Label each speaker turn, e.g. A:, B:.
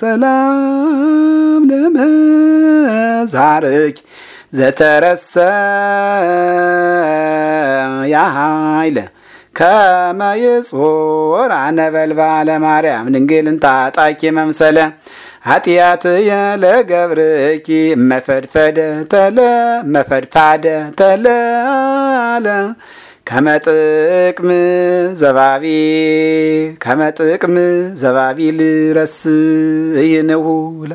A: ሰላም ለመዛርክ ዘተረሰ ያሃይለ ከመይጹር ይጹር አነበልባለ ማርያም ድንግልን ታጣቂ መምሰለ አጢያት የለ ገብርኪ መፈድፈደ ተለ መፈድፋደ ተለለ ከመጥቅም ዘባቢ ከመጥቅም ዘባቢ ልረስ
B: ይንውለ